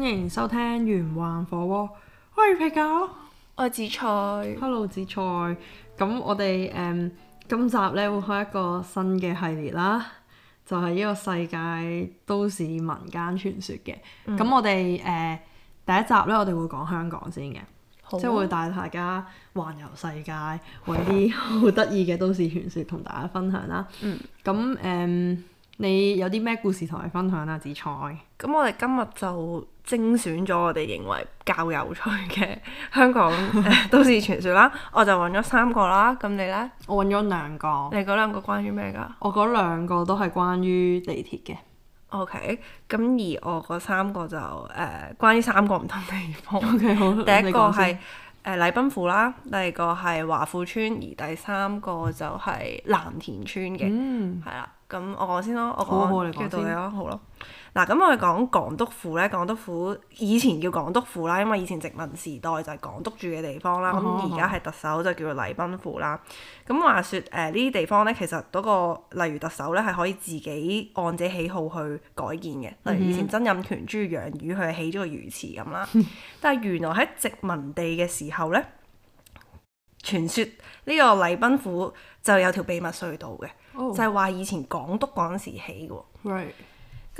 歡迎收聽環火鍋《玄幻火鍋》。歡迎皮狗，我係紫菜，Hello 紫菜。咁我哋誒，um, 今集咧會開一個新嘅系列啦，就係、是、呢個世界都市民間傳說嘅。咁、嗯、我哋誒、呃、第一集咧，我哋會講香港先嘅，啊、即係會帶大家環遊世界，搵啲好得意嘅都市傳說同大家分享啦。嗯，咁誒。Um, 你有啲咩故事同你分享啊？紫菜，咁我哋今日就精選咗我哋認為較有趣嘅香港 都市傳說啦。我就揾咗三個啦，咁 你呢？我揾咗兩個。 你嗰兩個關於咩㗎？我嗰兩個都係關於地鐵嘅。O K，咁而我嗰三個就誒、呃，關於三個唔同地方。O K，好。第一個係誒禮賓府啦，第二個係華富邨，而第三個就係藍田邨嘅。嗯、mm.，係 啦。 咁我講先咯，我講交代你咯，好咯。嗱，咁我哋講港督府咧，港督府以前叫港督府啦，因為以前殖民時代就係港督住嘅地方啦。咁而家係特首就叫做禮賓府啦。咁話說誒，呢、呃、啲地方咧，其實嗰個例如特首咧係可以自己按自己喜好去改建嘅。嗯、哼例如以前曾蔭權中意養魚，佢係起咗個魚池咁啦。 但係原來喺殖民地嘅時候咧，傳說呢個禮賓府就有條秘密隧道嘅。Oh. 就係話以前港督嗰時起嘅，咁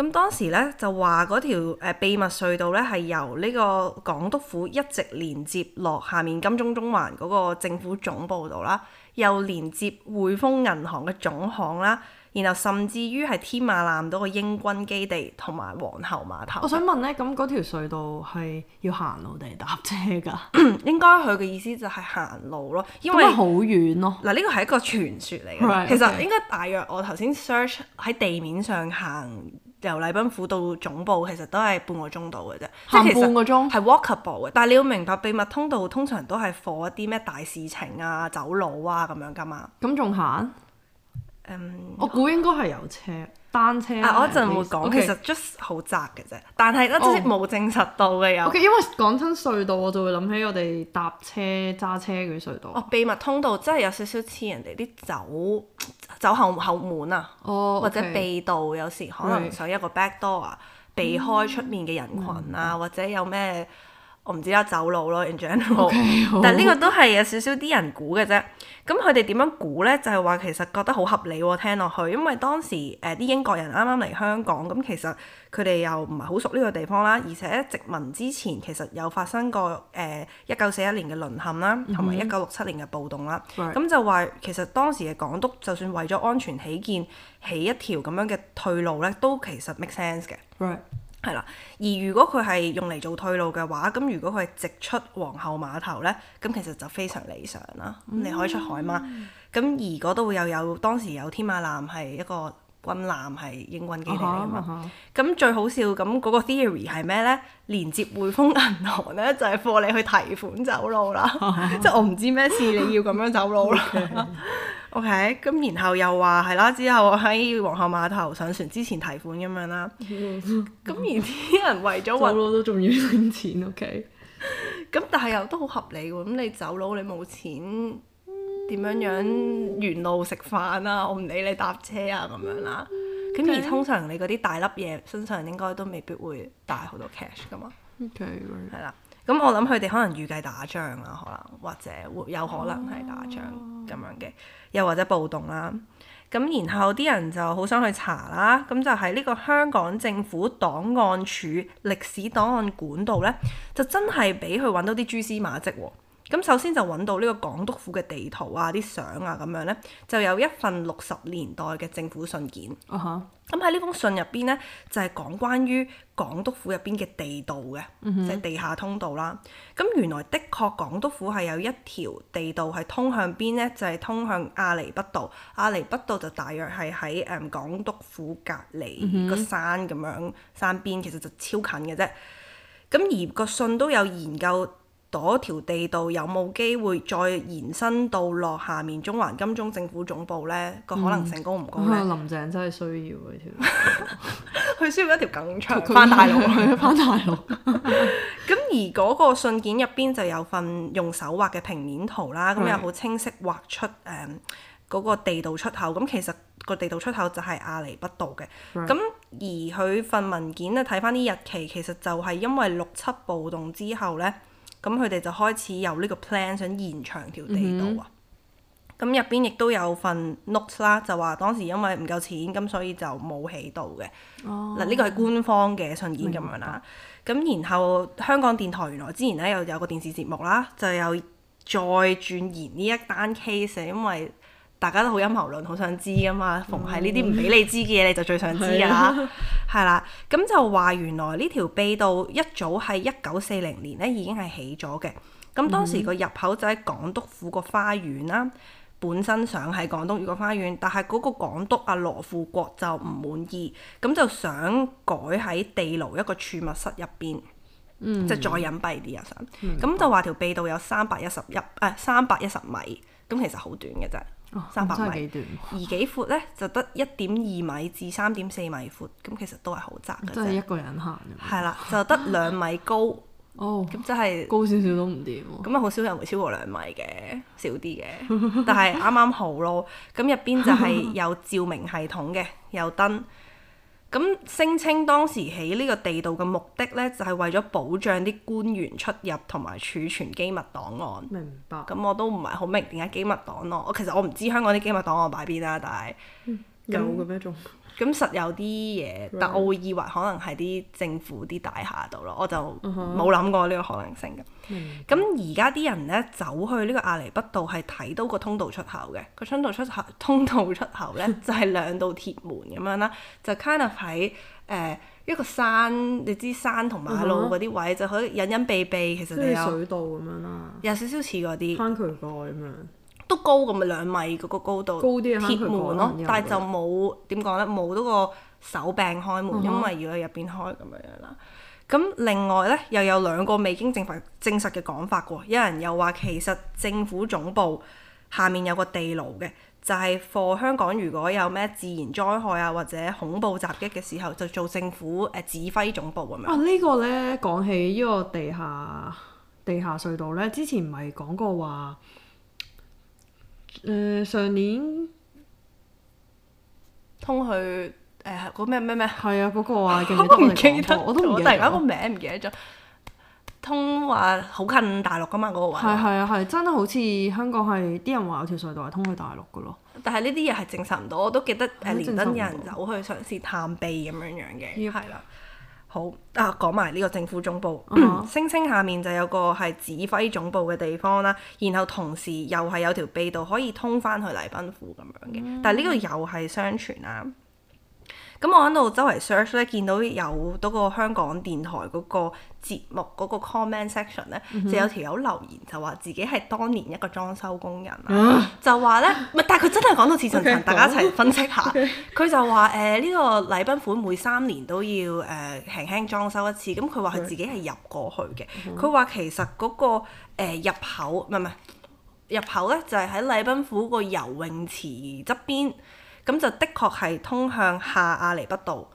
Right. 當時呢，就話嗰條、呃、秘密隧道呢，係由呢個港督府一直連接落下面金鐘中環嗰個政府總部度啦，又連接匯豐銀行嘅總行啦。然後甚至於係天馬艦到個英軍基地同埋皇后碼頭。我想問呢，咁嗰條隧道係要行路定係搭車噶 ？應該佢嘅意思就係行路咯，因為好遠咯。嗱、啊，呢個係一個傳說嚟嘅，Right. 其實應該大約我頭先 search 喺地面上行由禮賓府到總部，其實都係半個鐘到嘅啫。行半個鐘？即係半個鐘係 walkable 嘅，但係你要明白秘密通道通常都係放一啲咩大事情啊、走佬啊咁樣噶嘛。咁仲行？嗯，um, 我估應該係有車，單車 ace, 啊！我一陣會講，Okay. 其實 just 好窄嘅啫，但係咧即係冇證實到嘅有。Okay, 因為講親隧道，我就會諗起我哋搭車、揸車嗰啲隧道。哦，oh, 秘密通道真係有少少似人哋啲走走後後門啊，oh, okay. 或者秘道，有時可能想一個 back door，啊，oh. 避開出面嘅人群啊，嗯、或者有咩？我唔知啦，走路咯 engineer 但係呢個都係有少少啲人估嘅啫。咁佢哋點樣估呢？就係、是、話其實覺得好合理喎、哦，聽落去。因為當時誒啲、呃、英國人啱啱嚟香港，咁其實佢哋又唔係好熟呢個地方啦。而且殖民之前其實有發生過誒一九四一年嘅淪陷啦，同埋一九六七年嘅暴動啦。咁、mm hmm. 就話其實當時嘅港督就算為咗安全起見，起一條咁樣嘅退路呢，都其實 make sense 嘅。Right. 係啦，而如果佢係用嚟做退路嘅話，咁如果佢係直出皇后碼頭咧，咁其實就非常理想啦。咁、嗯、你可以出海嘛，咁、嗯、而嗰度又有當時有天馬艦係一個軍艦係英軍基地嚟㗎嘛，咁、oh, oh, oh. 最好笑咁嗰、嗰個 theory 係咩呢？連接匯豐銀行呢，就係貨你去提款走佬啦，oh, oh. 即係我唔知咩事你要咁樣走佬啦。OK，咁、okay? 然後又話係啦，之後喺皇后碼頭上船之前提款咁樣啦。咁而啲人為咗 走佬都仲要揾錢，OK？咁 但係又都好合理喎，咁你走佬，你冇錢。點樣樣沿路食飯啊！我唔理你搭車啊咁樣啦。咁 Okay. 而通常你嗰啲大粒嘢身上應該都未必會帶好多 cash 噶嘛。係啦 Okay.。咁我諗佢哋可能預計打仗啦，可能或者會有可能係打仗咁樣嘅，oh. 又或者暴動啦。咁然後啲人就好想去查啦。咁就喺呢個香港政府檔案處歷史檔案館度呢，就真係俾佢揾到啲蛛絲馬跡喎。咁首先就揾到呢個港督府嘅地圖啊、啲相啊咁樣呢，就有一份六十年代嘅政府信件。啊咁喺呢封信入邊呢，就係、是、講關於港督府入邊嘅地道嘅，即係、uh huh. 地下通道啦。咁原來的確港督府係有一條地道係通向邊呢，就係、是、通向亞厘畢道。亞厘畢道就大約係喺誒港督府隔離個山咁樣、uh huh. 山邊，其實就超近嘅啫。咁而嗰個信都有研究。嗰條地道有冇機會再延伸到落下面中環金鐘政府總部呢個可能性高唔高、嗯、 林鄭真係需,、啊、 需要一條，佢需要一條更長翻大陸去翻 大陸。咁 而嗰個信件入邊就有份用手畫嘅平面圖啦，咁 又好清晰畫出誒嗰個地道出口。咁對、嗯、其實個地道出口就係亞厘畢道嘅。咁 對 而佢份文件咧睇翻啲日期，其實就係因為六七暴動之後呢。咁佢哋就開始有呢個 plan，想延長條地道啊。咁入邊亦都有份 notes 啦，就話當時因為唔夠錢，咁所以就冇起到嘅。嗱，呢個係官方嘅信件咁樣啦。咁、mm hmm. 然後香港電台原來之前咧有有個電視節目啦，就有再轉延呢一單 case，因為。大家都好陰謀論，好想知㗎嘛，逢係呢啲唔俾你知嘅嘢，嗯、你就最想知㗎啦、啊，係啦是、啊，咁就話原來呢條秘道一早係一九四零年咧已經係起咗嘅，咁當時個入口就喺港督府個花園啦，嗯、本身想喺廣東個花園，但係嗰個港督阿羅富國就唔滿意，咁就想改喺地牢一個儲物室入邊，即、嗯、再隱蔽啲啊，想，咁就話條秘道有三百一十一，誒三百一十米。咁其實好短嘅啫，三百米，哦、短，而幾闊呢就得一點二米至三點四米闊，咁其實都係好窄嘅，即係真係一個人行。係啦，就得兩米高，咁真係高少少都唔掂。咁啊，好少人會超過兩米嘅，少啲嘅， 但係啱啱好咯。咁入邊就係有照明系統嘅，有燈。 咁聲稱當時起呢個地道嘅目的呢，就係為咗保障啲官員出入同埋儲存機密檔案。明白。咁我都唔係好明點解機密檔案，我其實我唔知香港啲機密檔案擺邊啦，但係有嘅咩？咁實有啲嘢，Right. 但我會以為可能係啲政府啲大廈度咯，我就冇諗過呢個可能性嘅。咁而家啲人呢，走去呢個亞厘畢道係睇到個通道出口嘅，個通道出口，通道出口呢就係、是、兩道鐵門咁樣啦， 就 kind of 喺誒一個山，你知山同馬路嗰啲位、uh huh. 就可以隱隱蔽蔽，其實你有水道咁樣啦，有少少似嗰啲翻渠蓋咁樣。都高咁咪兩米嗰個高度高鐵門咯，但係就冇點講呢，冇嗰個手柄開門，嗯、哼因為要喺入邊開咁樣啦。咁另外呢，又有兩個未經證實證實嘅講法喎，有人又話其實政府總部下面有個地牢嘅，就係 for 香港如果有咩自然災害啊或者恐怖襲擊嘅時候就做政府誒指揮總部咁樣。哇、啊！呢、呢個呢，講起呢個地下地下隧道呢，之前唔係講過話。誒、呃，上年通去誒，嗰咩咩咩？係、嗰個、啊，嗰、嗰個啊，我都唔記得，我都突然間個名唔記得咗。通話好近大陸噶嘛，嗰、嗰個位係係啊係，真係好似香港係啲人話有條隧道係通，通去大陸噶咯。但係呢啲嘢係證實唔到，我都記得誒的，連登有人走去嘗試探秘咁樣樣嘅，係啦、嗯。好啊，講埋呢個政府總部，聲稱、oh. 下面就有個係指揮總部嘅地方啦，然後同時又係有條秘道可以通返去禮賓府咁樣嘅，但係呢個又係相傳啦、啊。咁我喺度周圍 search 咧，見到有嗰個香港電台嗰個節目嗰個 comment section 咧、嗯哼，就有條友留言就話自己係當年一個裝修工人啦，嗯、就話咧，唔、嗯、但係佢真係講到似層層，okay，大家一齊分析下。佢、okay。就話誒呢個禮賓府每三年都要誒、呃、輕輕裝修一次，咁佢話佢自己係入過去嘅。佢話、嗯嗯、其實嗰、那個、呃、入口唔係唔係入口咧，就係、是、喺禮賓府個游泳池側邊。咁就的確係通向下亞厘畢道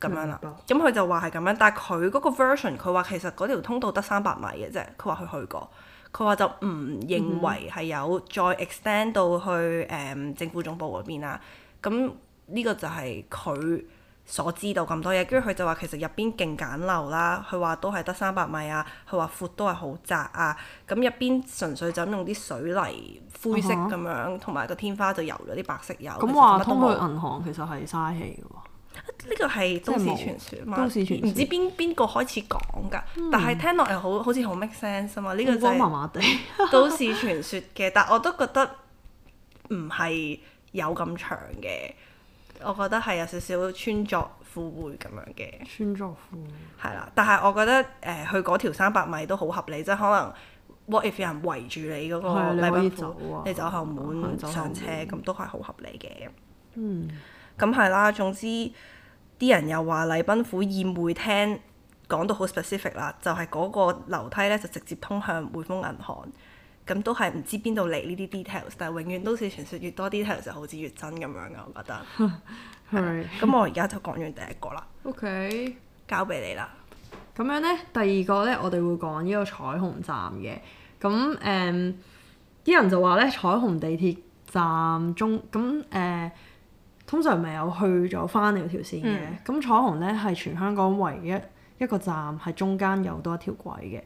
咁樣啦。咁佢、嗯、就話係咁樣，但係佢嗰個 version，佢話其實嗰條通道得三百米嘅啫。佢話佢去過，佢話就唔認為係有再 extend 到去誒、嗯、政府總部嗰邊啦。咁呢個就係佢所知道咁多嘢，跟住佢就話其實入邊勁簡陋啦，佢話都係得三百米啊，佢話闊都係好窄啊，咁入邊純粹就用啲水泥灰色咁樣，同埋、uh huh. 個天花就油咗啲白色油。咁話東區銀行其實係嘥氣嘅喎，呢個係都市傳説嘛，唔知邊邊個開始講㗎，但係聽落又好好似好 make sense 啊嘛，呢個真麻麻地都市傳説嘅，但我都覺得唔係有咁長嘅。我覺得係有少少穿鑿附會咁樣嘅。穿鑿附會。係啦，但係我覺得誒、呃，去嗰條三百米都好合理，即係可能 what if 有人圍住你嗰個禮賓府你走，啊、你走後門走後上車，咁都係好合理嘅。嗯。咁係啦，總之啲人又話禮賓府宴會廳講到好 specific 啦，就係、是、嗰個樓梯咧就直接通向匯豐銀行。咁都係唔知邊度嚟呢啲 details，但係永遠都市傳說，越多 details 就好似越真咁樣嘅，我覺得。係。咁我而家就講完第一個啦。OK 交。交俾你啦。咁樣呢，第二個呢，我哋會講呢個彩虹站嘅。咁誒，啲、um, 人就話呢，彩虹地鐵站中咁誒，uh, 通常咪有去咗翻條線嘅。咁、嗯、彩虹呢，係全香港唯一一個站係中間有多一條軌嘅。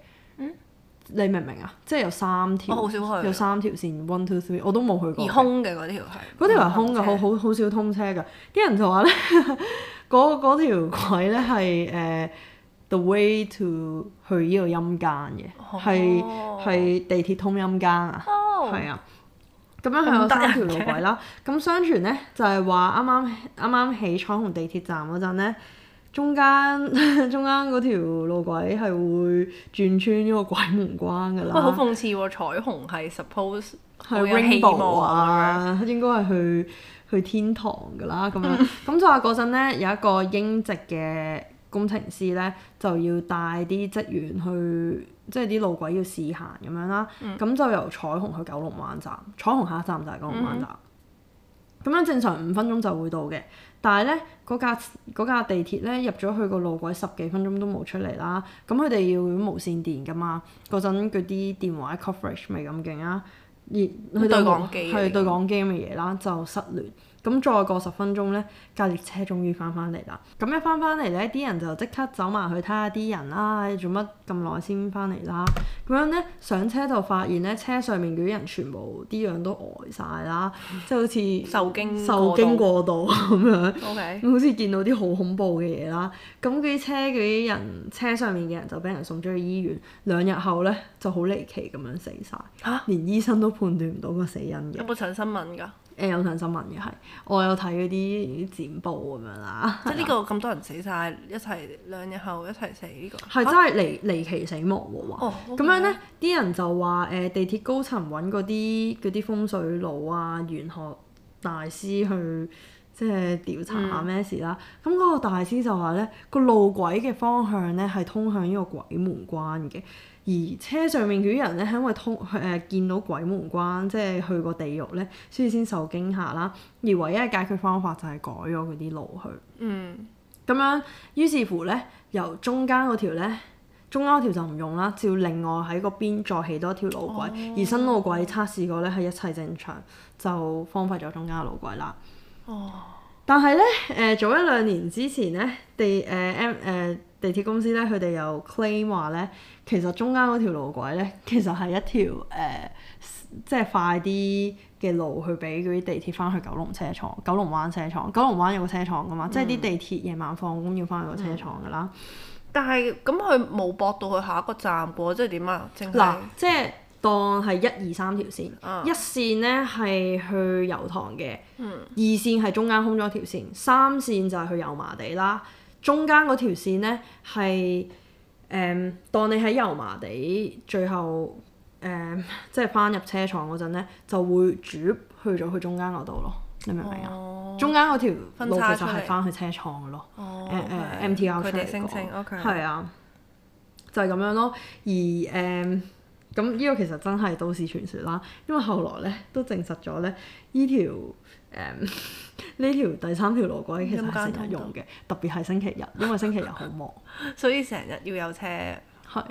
你明唔明啊？即係有三條，有三條線，one two three，我都冇去過。而空嘅嗰條係，嗰條係空嘅，車好好好少通車㗎。啲人就話咧，嗰 嗰條軌咧係誒 the way to 去呢個陰間嘅，係係、oh. 地鐵通陰間啊，係啊、oh。咁樣佢有三條路軌啦。咁相傳咧就係話啱啱啱啱起彩虹地鐵站嗰陣咧。中間中間嗰條路軌係會轉穿呢個鬼門關㗎啦，好諷刺喎、啊！彩虹係 suppose 係 rainbow 啊，應該係去去天堂㗎啦咁樣。咁、嗯、就話嗰陣呢，有一個英籍嘅工程師呢，就要帶啲職員去，即係啲路軌要試行咁樣啦。咁、嗯、就由彩虹去九龍灣站，彩虹下一站就係九龍灣站。嗯咁樣正常五分鐘就會到嘅，但係咧，嗰架嗰架地鐵咧，入咗去個路軌，十幾分鐘都冇出嚟啦。咁佢哋要無線電㗎嘛？嗰陣嗰啲電話 coverage 咪咁勁啊，而佢哋係對講機嘅嘢啦，就失聯。咁再過十分鐘呢，架列車終於翻返嚟啦。咁一翻返嚟呢，啲人就即刻走埋去睇下啲人啦，做乜咁耐先翻嚟啦？咁樣呢，上車就發現呢，車上面嗰啲人全部啲樣都呆晒啦，嗯、即係好似受驚受驚過度咁樣。O Okay . K，好似見到啲好恐怖嘅嘢啦。咁嗰啲車嗰啲人，車上面嘅人就俾人送咗去醫院。兩日後呢，就好離奇咁樣死晒，嚇、啊、連醫生都判斷唔到個死因嘅。有冇上新聞㗎？誒、呃、有上新聞嘅，係我有睇嗰啲剪報咁樣啦。即係呢個咁多人死晒，一齊兩日後一齊死呢，這個。係真係離離奇死亡喎！咁、哦 okay. 樣呢啲人就話誒、呃、地鐵高層揾嗰啲嗰啲風水佬啊、玄學大師去即係調查下咩事啦。咁嗰、嗯、個大師就話呢個路軌嘅方向呢係通向呢個鬼門關嘅。而車上面佢啲人咧，係因為通誒見到鬼門關，即係去過地獄咧，所以先受驚嚇啦。而唯一解決方法就係改咗佢啲路去。嗯。咁樣，於是乎咧，由中間嗰條咧，中間嗰條就唔用啦，照另外喺嗰邊再起多一條路軌。哦。而新路軌測試過咧，係一切正常，就荒廢咗中間路軌啦。哦。但係咧，誒、呃、早一兩年之前咧，地誒 M 誒地鐵公司咧，佢哋又 claim 話咧，其實中間嗰條路軌咧，其實係一條誒、呃，即係快啲嘅路去俾嗰啲地鐵翻去九龍車廠、九龍灣車廠、九龍灣有個車廠噶嘛，嗯、即係啲地鐵夜晚放工要翻去個車廠噶啦、嗯嗯。但係咁佢冇博到去下一個站噃，即係點啊？嗱，即係。當係一、二、三條線，一、oh. 線呢係去油塘嘅，嗯、二線係中間空咗一條線，三線就係去油麻地啦。中間嗰條線咧係誒，當你喺油麻地最後誒、嗯，即係翻入車廠嗰陣呢，就會轉去咗去中間嗰度咯。你明唔明啊？Oh. 中間嗰條路其實係翻去車廠咯。誒誒，MTR 出嚟講，係、okay. 啊，就係、是、咁樣咯。而誒。嗯咁呢、嗯，這個其實真係都市傳說啦，因為後來咧都證實咗咧，呢條誒呢條第三條路軌其實係成日用嘅，嗯、剛剛用特別係星期日，因為星期日好忙， 所以成日要有車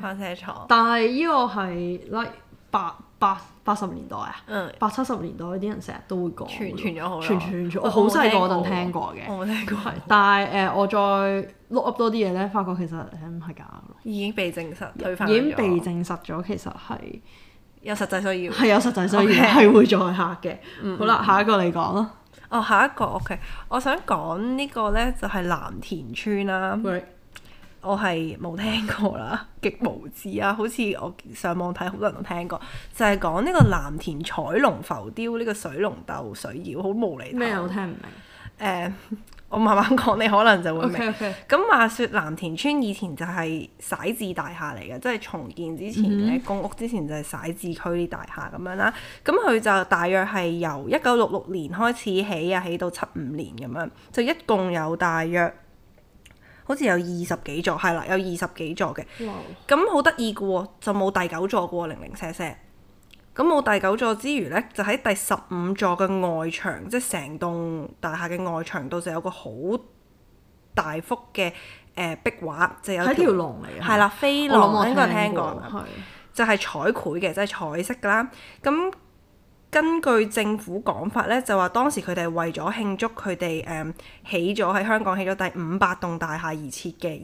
翻車坐。但係呢個係 like 八。八八十年代啊，八七十年代啲人成日都會講，傳傳咗好，傳傳咗，我好細個嗰陣聽過嘅。我聽過，但係誒，我再 look up 多啲嘢咧，發覺其實係唔係㗎。已經被證實，已經被證實咗，其實係有實際需要，係有實際需要，係會再客嘅。好啦，下一個嚟講啦。哦，下一個 OK，我想講呢個咧就係藍田村啦。我係冇聽過啦，極無知啊！好似我上網睇好多人都聽過，就係、是、講呢個藍田彩龍浮雕呢、這個水龍鬥水妖，好無厘頭。咩啊？我聽唔明。誒、呃，我慢慢講，你可能就會明。咁 Okay, okay. 話說藍田邨以前就係徙置大廈嚟嘅，即、就、係、是、重建之前咧，mm hmm. 公屋之前就係徙置區啲大廈咁樣啦。咁佢就大約係由一九六六年開始起啊，起到七五年咁樣，就一共有大約。好似有二十幾座，係啦，有二十幾座嘅。咁好得意嘅喎，就冇第九座嘅喎、啊，零零舍舍。咁冇第九座之餘呢，就喺第十五座嘅外牆，即係成棟大廈嘅外牆，度，就有個好大幅嘅誒、呃、壁畫，就是、有條龍嚟。係、啊、啦，飛龍我應該聽過，就係彩繪嘅，即、就、係、是、彩色㗎啦。咁。根據政府講法咧，就話當時佢哋係為咗慶祝佢哋誒起咗喺香港起咗第五百棟大廈而設嘅，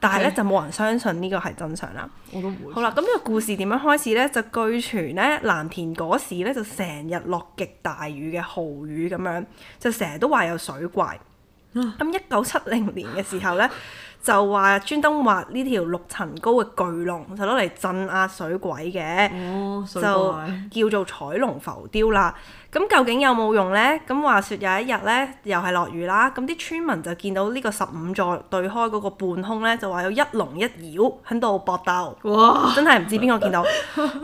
但係咧就冇人相信呢個係真相啦。我都會。好啦，咁呢個故事點樣開始呢？就據傳咧，藍田嗰時咧就成日落極大雨嘅豪雨咁樣，就成日都話有水怪。咁一九七零年嘅時候呢。 就話專登畫呢條六層高嘅巨龍，就攞嚟鎮壓水鬼嘅，哦、鬼就叫做彩龍浮雕啦。咁究竟有冇用呢？咁話說有一日呢，又係落雨啦，咁啲村民就見到呢個十五座對開嗰個半空呢，就話有一龍一妖喺度搏鬥，哇！真係唔知邊個見到，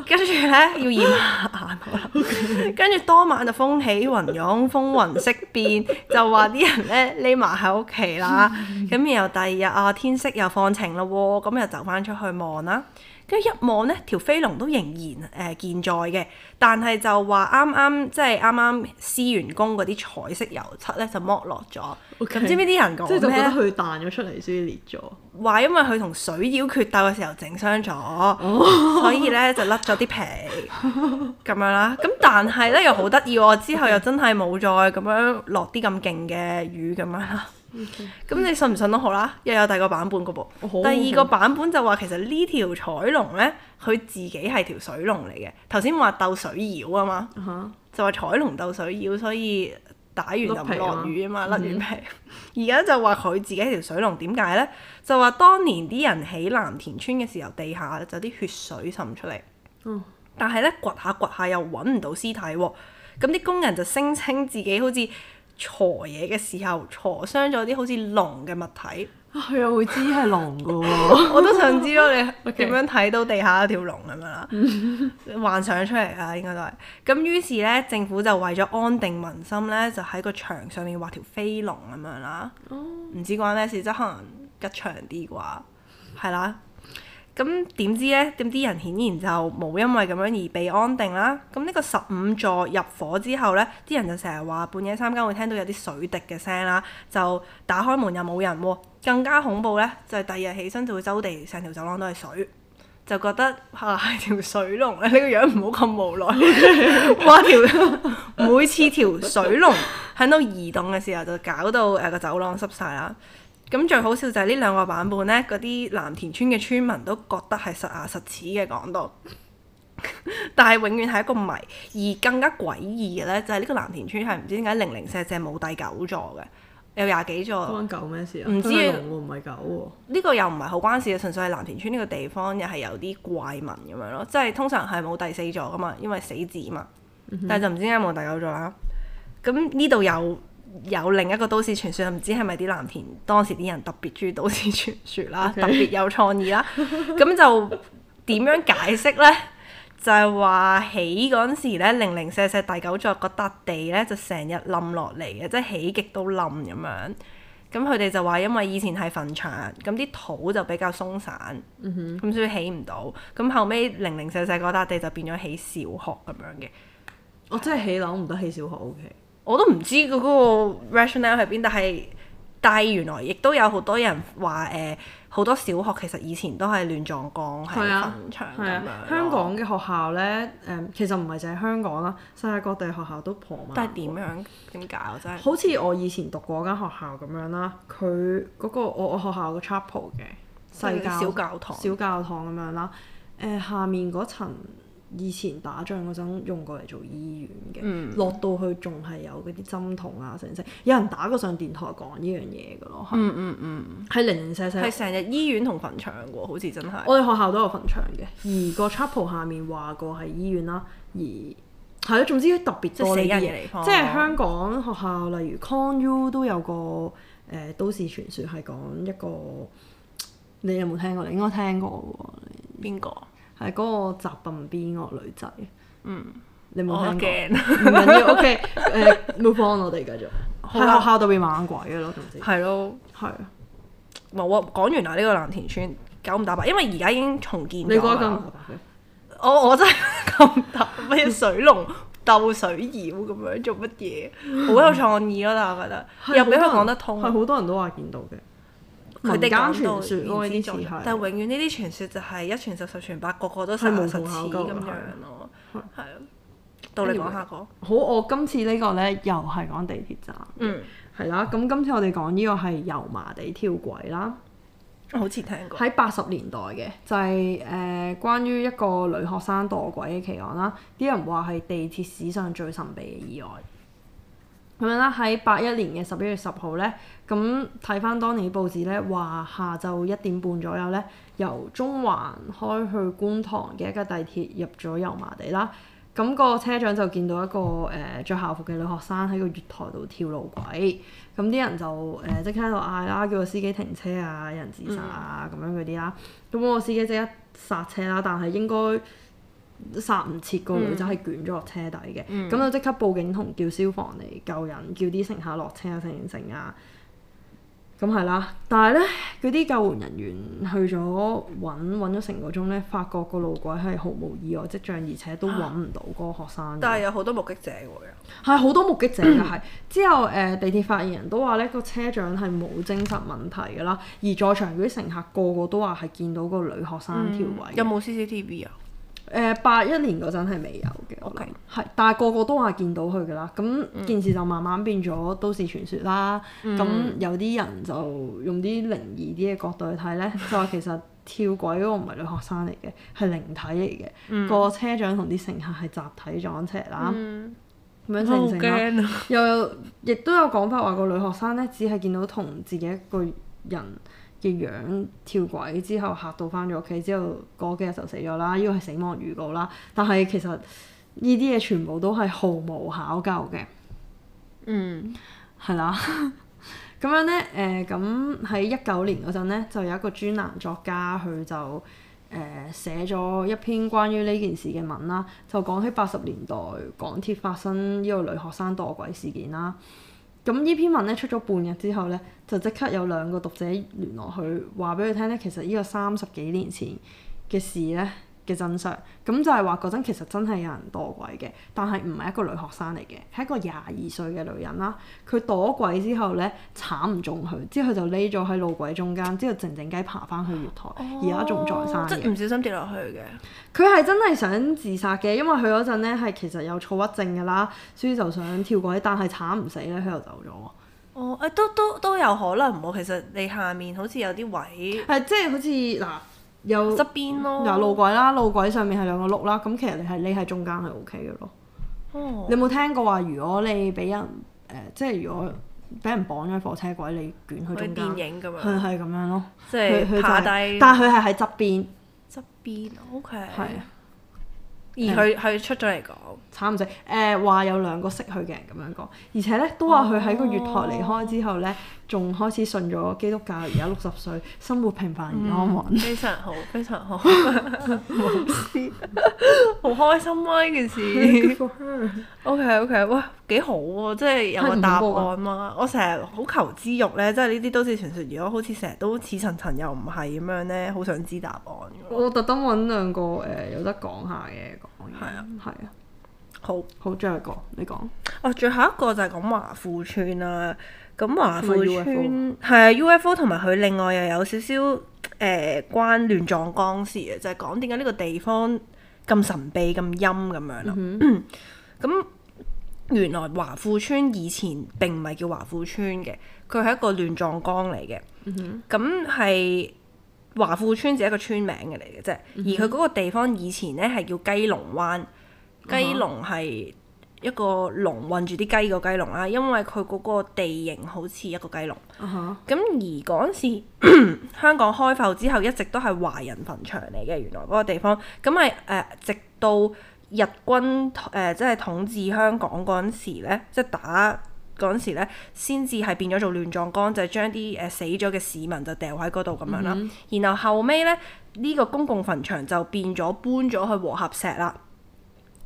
跟住 呢，要掩下眼，跟住當晚就風起雲湧，風雲色變，就話啲人呢匿埋喺屋企啦。咁 然後第二日啊，天色又放晴啦喎，咁、啊、又走翻出去望啦。一望呢條飛龍都仍然誒、呃、健在嘅，但係就話啱啱，即係啱啱施完工嗰啲彩色油漆咧，就剝落咗。咁 Okay. 知唔知啲人講咩？即係就覺得佢彈咗出嚟先裂咗，話因為佢同水妖決鬥嘅時候整傷咗，oh. 所以咧就甩咗啲皮咁，oh. 樣啦。咁但係咧又好得意喎，之後又真係冇再咁樣落啲咁勁嘅雨咁啊～咁 Okay.、嗯、你信唔信都好啦，又有第二個版本個噃。哦、第二個版本就話其實呢條彩龍呢，佢自己係條水龍嚟嘅。頭先話鬥水妖啊嘛，uh huh. 就話彩龍鬥水妖，所以打完就唔落雨啊嘛，甩完皮。而家、嗯、就話佢自己係條水龍，點解呢？就話當年啲人喺藍田村嘅時候，地下就啲血水滲出嚟。Uh huh. 但係呢，掘下掘下又揾唔到屍體喎、啊。咁啲工人就聲稱自己好似，鋤嘢嘅時候，鋤傷咗啲好似龍嘅物體，佢又、啊、會知係龍噶喎， 我都想知咯，你點樣睇到地下嗰條龍咁樣啦？ 幻想出嚟啊，應該都係。咁於是呢，政府就為咗安定民心呢，就喺個牆上面畫條飛龍咁樣啦。唔、哦、知關咩事，即係可能吉祥啲啩，係啦。咁點知呢？咁啲人顯然就冇因為咁樣而被安定啦。咁呢個十五座入伙之後呢，啲人就成日話半夜三更會聽到有啲水滴嘅聲啦。就打開門又冇人、哦，更加恐怖呢，就係第二日起身就會周地成條走廊都係水。就覺得嚇係條水龍咧，呢個樣唔好咁無奈。哇！條， 哇條每次條水龍喺度移動嘅時候就，就搞到誒個走廊濕晒啦。咁最好笑就係呢兩個版本呢，嗰啲藍田邨嘅村民都覺得係實牙實齒嘅講到，但係永遠係一個謎。而更加詭異嘅呢，就係呢個藍田邨係唔知點解零零舍舍冇第九座嘅，有廿幾座。關九咩事啊？唔知啊，唔係九喎。呢個又唔係好關事嘅，純粹係藍田邨呢個地方又係有啲怪聞咁樣咯。即係通常係冇第四座噶嘛，因為死字嘛。嗯哼。但係就唔知點解冇第九座啦。咁呢度有。有另一個都市傳說，唔知係咪啲藍田當時啲人特別中意都市傳說啦，Okay. 特別有創意啦。咁 就點樣解釋呢？就係、係、話起嗰陣時呢，零零四四第九座個笪地呢就成日冧落嚟嘅，即係起極都冧咁樣。咁佢哋就話因為以前係墳場，咁啲土就比較鬆散，咁、mm hmm. 所以起唔到。咁後尾零零四四嗰笪地就變咗起小學咁樣嘅。我真係起樓唔得，起小學 O K。Okay. 我都唔知佢嗰個 rationale 喺邊，但係但係原來亦都有好多人話誒，好、呃、多小學其實以前都係亂葬崗係、嗯、墳啊，場咁樣，香港嘅學校呢，誒、呃、其實唔係淨係香港啦，世界各地學校都破但係點樣？點搞真係？好似我以前讀嗰間學校咁樣啦，佢嗰個我我學校個 chapel 嘅，細教小教堂小教堂咁樣啦，誒、呃、下面嗰層。以前打仗嗰陣用過嚟做醫院嘅，落到、嗯、去仲係有嗰啲針筒啊，成世有人打過上電台講呢樣嘢嘅咯。嗯嗯嗯，係零零舍舍，係成日醫院同墳場嘅、啊，好似真係。我哋學校都有墳場嘅，而個 chapel 下面話過係醫院啦、啊，而係咯，總之特別多呢啲嘢。即係香港學校，例如 Con U 都有個誒、呃、都市傳說，係講一個你有冇聽過？你應該聽過喎，邊個？係嗰個襲笨邊個女仔，嗯，你冇聽過？唔我怕 緊要，OK，誒 move on 我哋繼續喺學校都變猛鬼嘅咯，總之係咯，係啊，冇啊，講完啦呢、呢個藍田邨九唔搭八，因為而家已經重建咗啦。我我真係咁五搭乜水龍 鬥水妖咁樣做乜嘢？好有創意咯，但係我覺得 的又俾佢講得通。係好多，多人都話見到嘅。佢哋講到唔知幾多，但永遠呢啲傳說就係一傳十十傳百，個個,個都信無實此咁樣咯，係啊是。對到你講下個。好，我今次呢個呢又係講地鐵站。嗯。係啦，咁今次我哋講呢個係油麻地跳軌啦。好似聽過。喺八十年代嘅就係、是、誒、呃，關於一個女學生墮軌嘅奇案啦，啲人話係地鐵史上最神秘嘅意外。咁樣啦，喺八一年嘅十一月十號呢。咁睇翻當年報紙咧，話下晝一點半左右咧，由中環開去觀塘嘅一架地鐵入咗油麻地啦。咁、那個車長就見到一個誒著、呃、校服嘅女學生喺個月台度跳路軌，咁啲人就誒即、呃、刻喺度嗌啦，叫個司機停車啊，有人自殺啊咁、嗯、樣嗰啲啦。咁個司機即刻剎車啦，但係應該剎唔切，個女仔係捲咗落車底嘅。咁、嗯、就即刻報警同叫消防嚟救人，叫啲乘客落車啊，成成啊？咁係、嗯、啦，但係呢，嗰啲救援人員去咗揾揾咗成個鐘呢，發覺個路軌係毫無意外跡象，而且都揾唔到個學生。但係有好多目擊者喎，係好多目擊者嘅係、嗯。之後誒、呃、地鐵發言人都話呢個車長係冇精神問題嘅啦，而在場嗰啲乘客個個都話係見到個女學生跳軌、嗯，有冇 CCTV 啊？誒、八一年嗰陣係未有嘅，OK，係，但係個個都話見到佢嘅啦。咁件事就慢慢變咗都市傳說啦。咁、嗯、有啲人就用啲靈異啲嘅角度去睇咧， 就話其實跳軌嗰個唔係女學生嚟嘅，係靈體嚟嘅。嗯、個車長同啲乘客係集體撞邪啦，咁、嗯、樣成成啦，啊、又亦都有講法話說個女學生咧，只係見到同自己一個人。嘅樣跳軌之後嚇到翻咗屋企，之後嗰幾日就死咗啦，呢個係死亡預告啦。但係其實呢啲嘢全部都係毫無考究嘅。嗯，係啦。咁樣呢，誒、呃，咁喺一九年嗰陣呢，就有一個專欄作家佢就誒、呃、寫咗一篇關於呢件事嘅文啦，就講起八十年代港鐵發生呢個女學生墮軌事件啦。咁呢篇文呢，出咗半日之後呢，就即刻有兩個讀者聯絡佢，話俾佢聽呢，其實呢個三十幾年前嘅事呢，嘅真相咁就係話嗰陣其實真係有人墮軌嘅，但係唔係一個女學生嚟嘅，係一個廿二歲嘅女人啦。佢墮軌之後呢，慘唔中佢，之後佢就匿咗喺路軌中間，之後靜靜雞爬翻去月台，而家仲在生，即唔小心跌落去嘅。佢係真係想自殺嘅，因為佢嗰陣呢係其實有躁鬱症㗎啦，所以就想跳軌，但係慘唔死呢，佢又走咗。哦，都都都有可能喎。其實你下面好似有啲位係即係好似嗱。有側又邊咯，嗱路軌啦，路軌上面係兩個轆啦，咁其實你係你喺中間係 OK 嘅咯。哦、你有冇聽過話？如果你俾人誒、呃，即係如果俾人綁咗火車軌，你捲去中間，電影咁樣，佢係咁樣咯，即係是趴、就係、低。但係佢係喺側邊，側邊 OK。係啊，而佢佢出咗嚟講。慘唔死，誒話、呃、有兩個識佢嘅人咁樣講，而且咧都話佢喺個月台離開之後咧，仲、哦、開始信咗基督教，而家六十歲，生活平凡而安穩。嗯、非常好，非常好，好開心啊！呢、這、件、個、事。o k okay，幾、okay，好喎、啊！即係有個答案嘛。我成日好求知欲咧，即係呢啲都市傳説，如果好似成日都似層層又唔係咁樣咧，好想知答案。我特登揾兩個誒、呃、有得講下嘅講下。係啊， 係啊。好好，最後一個你講。哦，最後一個就係講華富邨啦、啊。咁華富邨係、啊、UFO 同埋佢另外又有少少誒關亂葬崗事啊，就係講點解呢個地方咁神秘、咁陰咁樣啦。咁、嗯、哼 原來華富邨以前並唔係叫華富邨嘅，佢係一個亂葬崗嚟嘅。咁係、嗯、哼華富邨就係一個村名嘅嚟嘅啫，嗯、哼而佢嗰個地方以前咧係叫雞龍灣。雞籠係一個籠困住啲雞個雞籠啦，因為佢嗰個地形好似一個雞籠。咁、uh huh. 而嗰陣時， 香港開埠之後一直都係華人墳場嚟嘅，原來嗰個地方。咁係誒，直到日軍誒、呃、即係統治香港嗰陣時咧，即係打嗰陣時咧，先至係變咗做亂葬崗，就將啲誒死咗嘅市民就掉喺嗰度咁樣啦。Uh huh. 然後後尾咧，呢、呢個公共墳場就變咗搬咗去和合石啦。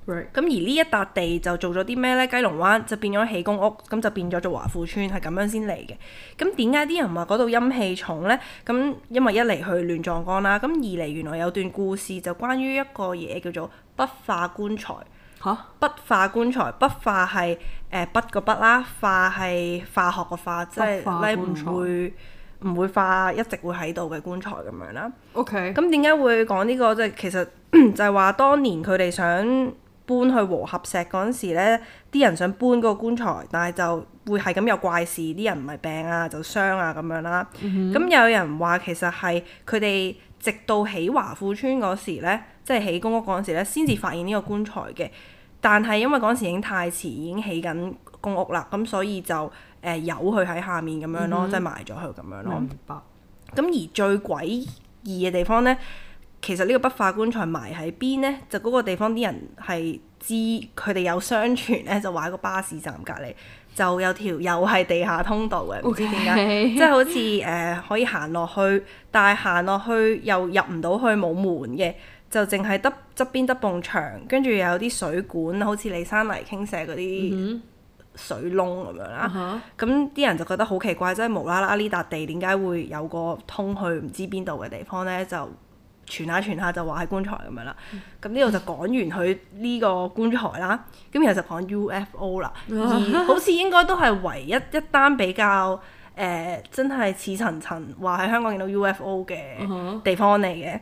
咁 Right. 而呢一笪地就做咗啲咩呢？雞龍灣就變咗起公屋，咁就變咗做華富邨，係咁樣先嚟嘅。咁點解啲人話嗰度陰氣重呢？咁因為一嚟去亂葬崗啦，咁二嚟原來有段故事就關於一個嘢叫做不化棺材嚇，不化棺材，不化係誒不個不啦，化係化學個化，即係唔會唔會化，一直會喺度嘅棺材咁樣啦。OK，咁點解會講呢個？即係其實 就係話當年佢哋想。搬去和合石嗰陣時呢，啲人想搬嗰個棺材，但係就會係咁有怪事，啲人唔係病啊，就傷啊咁樣啦。咁、嗯、哼有人話其實係佢哋直到起華富邨嗰時呢，即係起公屋嗰時呢，先至發現呢個棺材嘅。但係因為嗰時已經太遲，已經起緊公屋啦，咁所以就由佢喺下面咁樣咯，即係、嗯、哼埋咗佢咁樣咯。明白。咁而最詭異嘅地方呢？其實呢個不化棺材埋喺邊呢？就嗰個地方啲人係知佢哋有相傳咧，就話喺個巴士站隔離就有條又係地下通道嘅，唔知點解，即係好似誒可以行落去，但係行落去又入唔到去冇門嘅，就淨係得側邊得埲牆，跟住又有啲水管，好似你山泥傾瀉嗰啲水窿咁樣啦。咁啲人就覺得好奇怪，即係無啦啦呢笪地點解會有個通去唔知邊度嘅地方呢？就傳下傳下就話係棺材咁樣啦，咁呢度就講完佢呢個棺材啦，咁然後就講 UFO 啦，嗯、好似應該都係唯一一單比較誒、呃、真係似層層話喺香港見到 UFO 嘅地方嚟嘅，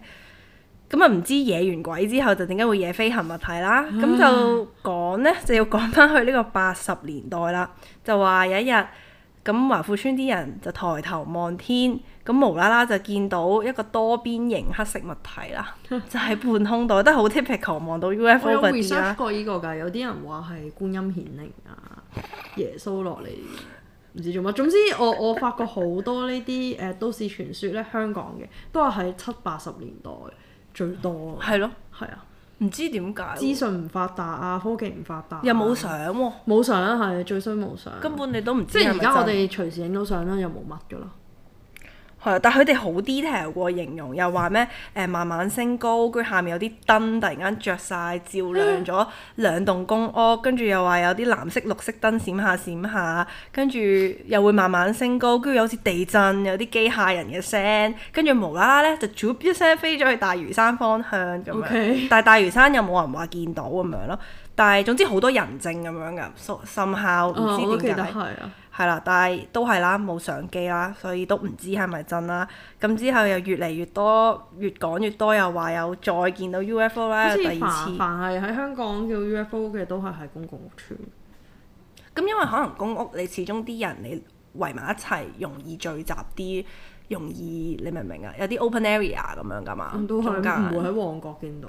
咁啊唔知惹完鬼之後就點解會惹飛行物體啦？咁、嗯、就講呢，就要講翻去呢個八十年代啦，就話有一日。咁華富邨啲人就抬頭望天，咁無啦啦就見到一個多邊形黑色物體啦， 就喺半空度。都係好 typical，望到 UFO 啦～我 research 過依個㗎，有啲人話係觀音顯靈啊，耶穌落嚟，唔知做乜。總之我我發覺好多呢啲誒都市傳說咧，香港嘅都係喺七八十年代 最多。係咯的，係啊。唔知點解資訊唔發達啊，科技唔發達啊，又冇相喎，冇相係最衰，冇相根本你都唔知，即係而家我哋隨時影到相啦，又冇乜噶啦。係，但係佢哋好 detail 過形容，又話咩？誒、呃、慢慢升高，跟住下面有啲燈突然間着晒，照亮咗兩棟公屋，跟住、啊、又話有啲藍色、綠色燈閃下閃下，跟住又會慢慢升高，跟住好似地震，有啲機械人嘅聲，跟住無啦啦咧就 jump 一聲飛咗去大嶼山方向咁樣，Okay. 但係大嶼山又冇人話見到咁樣咯。但係總之好多人證咁樣噶，so somehow 唔知點解。係啦，但係都係啦，冇相機啦，所以都唔知係咪真啦。咁之後又越嚟越多，越講越多，又話有再見到 UFO 啦，好似第二次，凡係喺香港叫 UFO 嘅都係喺公共屋邨。咁、嗯、因為可能公屋你始終啲人你圍埋一齊，容易聚集啲。容易，你明唔明啊？有啲 open area 咁樣噶嘛，是中唔間會喺旺角見到，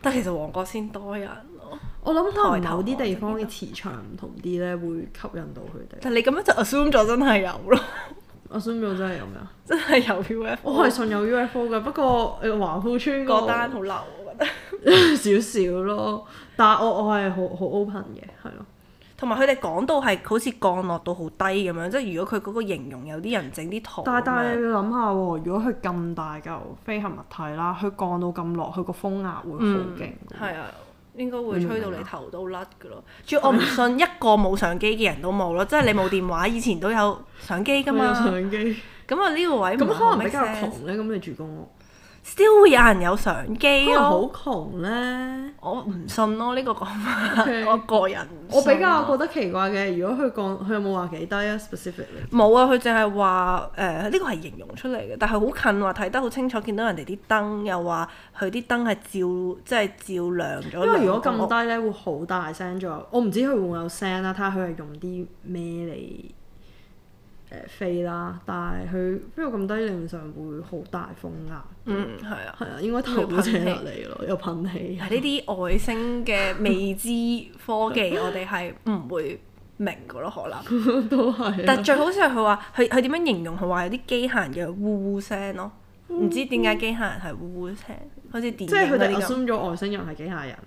但其實旺角先多人咯。我諗頭頭啲地方嘅磁場唔同啲咧，會吸引到佢哋。但你咁樣就 assume 咗真係有咯？assume 咗 真係有咩啊？ 真係有 UFO 我係信有 UFO 嘅。不過誒，華富邨嗰單好流，我覺得少少咯。但係我我係好好 open 嘅，係咯。同埋佢哋講到係好似降落到好低咁樣，即係如果佢嗰個形容有啲人整啲圖咁樣。但係但係你諗下喎，如果佢咁大嚿飛行物體啦，佢降到咁落，佢個風壓會好勁。係、嗯、啊，應該會吹到你頭都甩噶咯。主要我唔信一個冇相機嘅人都冇咯， 即係你冇電話，以前都有相機噶嘛。 有相機。咁啊呢個位，咁、嗯、可能比較窮咧，咁白你住公屋。still 會有人有相機，佢好窮咧。我唔信咯，呢、這個講法，Okay. 我個人。我比較覺得奇怪嘅，如果佢講，佢有冇話幾低啊？Specifically 冇啊，佢淨係話誒，呢、呃這個係形容出嚟嘅，但係好近話睇得好清楚，見到人哋啲燈，又話佢啲燈係照，即、就、係、是、照亮咗。因為如果咁低咧，會好大聲咗。我唔知佢會唔會有聲啦，睇下佢係用啲咩嚟。誒飛啦，但係佢邊度咁低？正常會好大風呀。嗯，係啊，係啊，應該頭噴落嚟咯，有噴氣。呢啲外星嘅未知科技，我哋係唔會明嘅咯，可能。都係。但最好笑係佢話佢佢點樣形容？佢話有啲機械人嘅呼呼聲咯，唔知點解機械人係呼呼聲，好似電。即係佢哋 assume 咗外星人係機械人。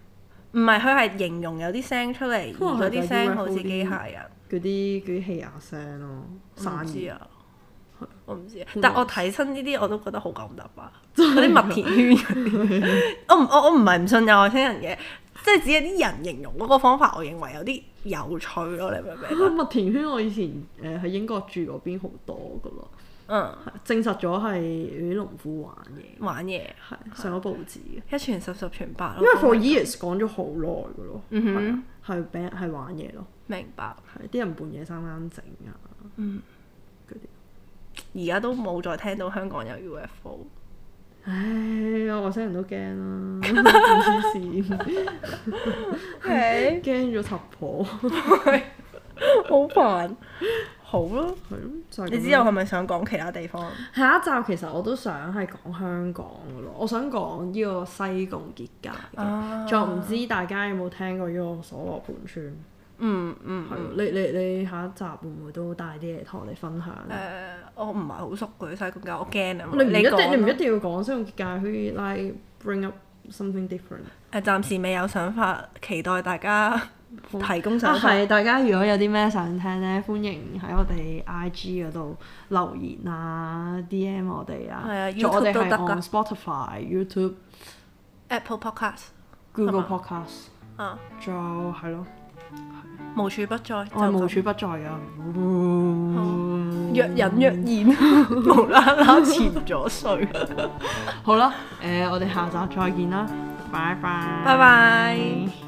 唔係，佢係形容有啲聲出嚟，而啲聲好似機械人。嗰啲嗰啲氣壓聲咯，散啲我啊，我唔知。但係我睇親呢啲，我都覺得好搞唔得吧。嗰啲麥田圈，我唔我我唔係唔信有外星人嘅，即係只有啲人形容嗰個方法，我認為有啲有趣咯。你明唔明？麥田圈我以前誒喺英國住嗰邊好多噶咯，嗯，證實咗係啲農夫玩嘢。玩嘢係上咗報紙，一傳十，十傳百咯。因為 for years 講咗好耐噶咯，嗯哼，係俾人係玩嘢咯。明白，係啲人半夜三更整啊，嗯，佢哋而家都冇再聽到香港有 UFO。唉，我華僑人都驚啦，黐線，驚咗七婆， 好煩，好咯，係咯、你知我係咪想講其他地方？下一集其實我都想係講香港嘅咯，我想講呢個西貢結界嘅，仲唔、ah. 知大家有冇聽過呢個鎖羅盤村？嗯嗯、mm hmm.，你你你下一集會唔會都帶啲嚟同我哋分享咧、uh,？我唔係好熟嘅西貢界，我驚啊！你你一定，你唔一定要講西貢界，所以我可以拉、like、bring up something different。誒，暫時未有想法，期待大家提供首。啊，係！大家如果有啲咩想聽咧，歡迎喺我哋 IG 嗰度留言啊，DM 我哋啊，做的我哋都得㗎 Spotify、YouTube、Apple Podcast、Google Podcast 啊，仲有，係咯。無處不在，哦、就無處不在啊！若隱若現， 無啦啦潛咗水。 好啦，誒、呃，我哋下集再見啦，拜拜，拜拜。